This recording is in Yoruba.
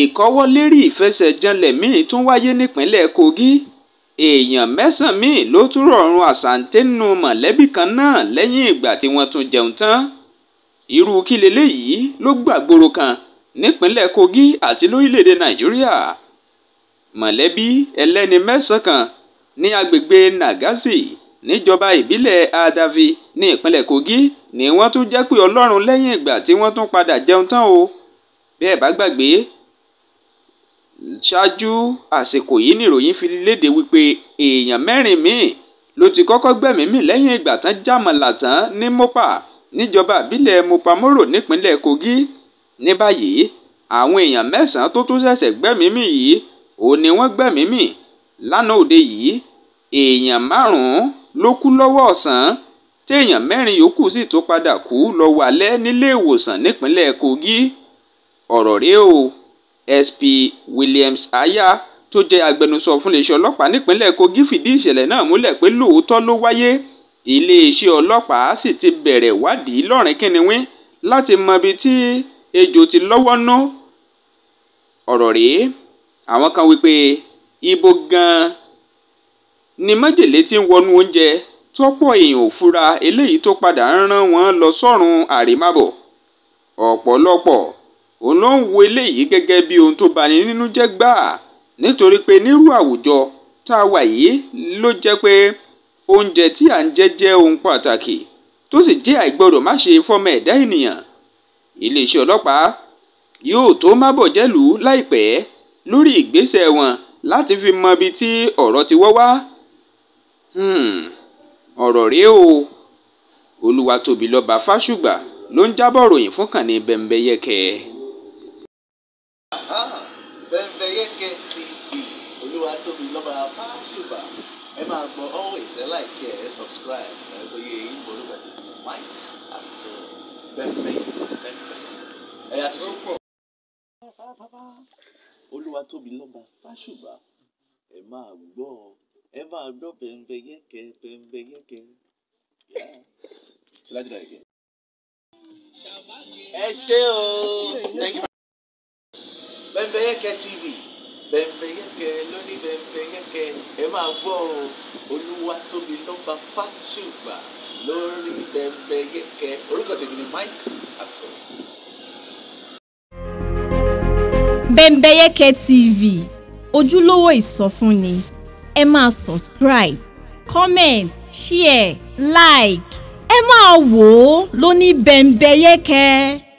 ìkọ́wọ́lérí ìfẹsẹ̀janlẹ̀ míì tún wáyé nípínlẹ̀ Kogi èèyàn mẹ́sàn-án míì ló tún rọ̀rùn àsàǹté nínú mọ̀lẹ́bí kan náà lẹ́yìn ìgbà tí wọ́n tún jẹun tán irú kí leléyìí ló gbàgbóró kan nípínlẹ̀ Kogi àti lórílẹ̀‐èdè Nàìjíríà mọ̀lẹ́bí ẹlẹ́ni mẹ́sàn-án kan ní agbègbè Nagasi níjọba ìbílẹ̀ Adavi ní ìpínlẹ̀ Kogi ni wọ́n tún jẹ́ pé Ọlọ́run lẹ́yìn ìgbà tí wọ́n tún padà jẹun tán o bẹ́ẹ̀ bá gbàgbé ṣáájú àsìkò yìí nìròyìn fi léde wípé èèyàn mẹ́rin míì ló ti kọ́kọ́ gbẹ̀mí mì lẹ́yìn ìgbà tán jàmọ̀là tán ní Mopa níjọba àbílẹ̀ Mopamoro nípínlẹ̀ Kogi ní báyìí àwọn èèyàn mẹ́sàn-án tó tún ṣẹ̀ṣẹ̀ gbẹ̀mí mì yìí òun ni wọ́n gbẹ̀mí mì lánàá òde yìí èèyàn márùn-ún ló kú lọ́wọ́ ọ̀sán téèyàn mẹ́rin yòókù sì tó padà kú lọ́wọ́ alẹ́ nílé ìwòsàn nípínlẹ̀ Kogi ọ̀rọ̀ rèé o sp williams aya tó jẹ́ agbẹnusọ fún iléeṣẹ́ ọlọ́pàá nípínlẹ̀ kogi fìdí ìṣẹ̀lẹ̀ náà múlẹ̀ pé lóòótọ́ ló wáyé iléeṣẹ́ ọlọ́pàá sì ti bẹ̀rẹ̀ wádìí lọ́rin kínníwín láti mọ ibi tí ejò ti lọ́wọ́ nú ọ̀rọ̀ rèé àwọn kan wípé ibo gan ni májèlé ti ń wọnú oúnjẹ tọ́pọ̀ èèyàn ò fura eléyìí tó padà ń rán wọn lọ sọ́run àrèmábọ̀ ọ̀pọ̀lọpọ̀ òun náà ń wo eléyìí gẹ́gẹ́ bí ohun tó bani nínú jẹ́ gbáà nítorí pé nírú àwùjọ tá a wà yìí ló jẹ́ pé oúnjẹ tí à ń jẹ jẹ́ ohun pàtàkì tó sì jẹ́ àìgbọ́dọ̀ má ṣe fọ́mọ ẹ̀dá ènìyàn iléeṣẹ́ ọlọ́pàá yóò tó mábọ̀ jẹ́lùú láìpẹ́ lórí ìgbésẹ̀ wọn láti fi mọ ibi tí ọ̀rọ̀ ti wọ́ wá hmm, ọ̀rọ̀ rèé o Olúwatóbilọ́ba Fásùgbà ló ń jábọ̀ ròyìn fún kànnì Bẹ́mbẹ́yẹ̀kẹ́. Yeke TV olúwa tóbi lọ́ba fáṣùbà ẹ máa gbọ́ always ẹ like ẹ subscribe ẹ lóye yìí mo ló bẹ̀rẹ̀ sí máì àti bẹ́ẹ̀bẹ́ẹ̀ bẹ́ẹ̀bẹ́ẹ̀ ẹ yà tuntun pọ̀. olúwa tóbi lọ́ba fáṣùbà ẹ máa gbọ́ ẹ máa gbọ́ Bẹ̀mbẹ̀ Yeke Bẹ̀mbẹ̀ Yeke. Should I do that again? ẹ ṣé o. Bẹ́mbẹ́yẹ́kẹ́ TV Bẹ́mbẹ́yẹ́kẹ́ lóní Bẹ́mbẹ́yẹ́kẹ́ ẹ máa gbọ́ o Olúwatóbi lọ́ba Fáṣùgbà lórí Bẹ́mbẹ́yẹ́kẹ́ orúkọ tèmi ni Mike Ato. Bẹ́mbẹ́yẹ́kẹ́ TV ojúlówó ìsọfúnni ẹ máa subscribe comment share like ẹ máa wò ó lóní Bẹ́mbẹ́yẹ́kẹ́.